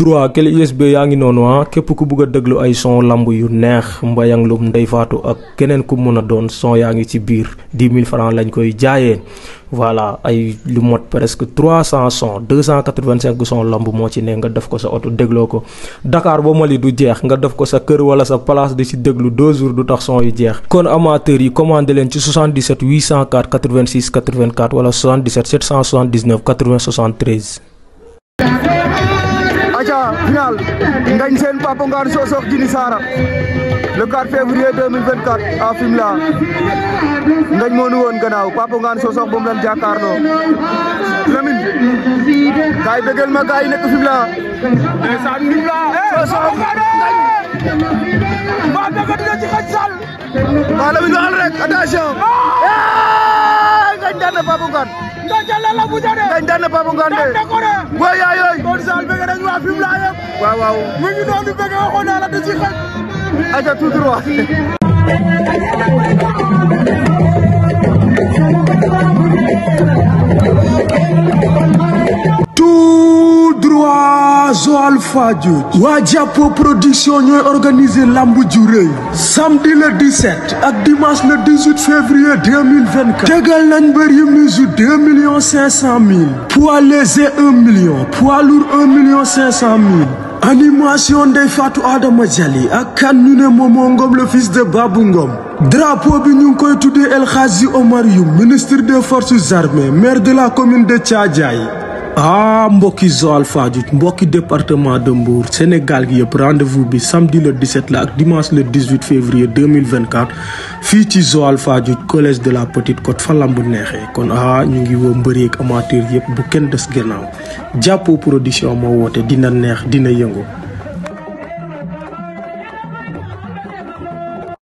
droit clé USB yaa ngi noonu ah képp ku bugg déglu ay son lamb yu neex mbayang lum ndey faatu ak keneen ku mën a doon son yaa ngi ci biir 10 000 francs lañ koy jaayee voilà ay lu mot presque 300 son 285 son moo ci ne nga def ko sa oto dégloo ko Dakar ba Mali du jeex nga def ko sa kër wala sa place di ci déglu 2 jours du tax son yu jeex kon amateurs yi commandé leen ci 77 804 86 84 wala 77 779 80 aca final Ngagne Sène Papa Ngane Sosokh Jini Sara le 4 février 2024 à Fimela Ngagne moo nu woon gannaaw Papa Ngane Sosokh moom lañ jàkkaarloo Lamine kaay bëggal ma gaay nekk Fimela ndeysaan Fimela eh, eh, Sosokh eh! Ngagne maa bëgg dina ci xaj sal waa Lamine waxal rek attention ah! Pape Ngane. nga jëlee la bu jëlee. dañ daan na Pape Ngane de. daan ko de. booy yaay yooyu. kon Sall bëgg nañ waa fi mu laa yem. waaw waaw. mu ngi noonu bëgg waxoon naa la da ci xaj. aca tout droit. Thank you. waa Joal Fadiouth waa jàppo production ñooy organiser lamb ju rëy samedi le 17 ak dimanche le 18 février 2024 tegal nañ mbër yi mise 2 millions 500 mille poids léger 1 million poids lourd 1 million 500 mille animation Ndeye Fatou Adama Jali ak kan ñu ne Momo Ngom le fils de Babou Ngom drapeau bi ñu koy tuddee El Hadji Omar Youm ministre des forces armées maire de la commune de Thiadiaye ah mbokki Joal Fadiouth mbokki département de Mbour Sénégal gi yëpp rendez-vous bi samedi le 17 la ak dimanche le 18 février 2024 fii ci Joal Fadiouth collège de la Petite Côte fa lamb neexee kon ah ñu ngi woo mbëri ak amateur yëpp bu kenn des gannaaw jàppoo prodution moo woote dina neex dina yëngu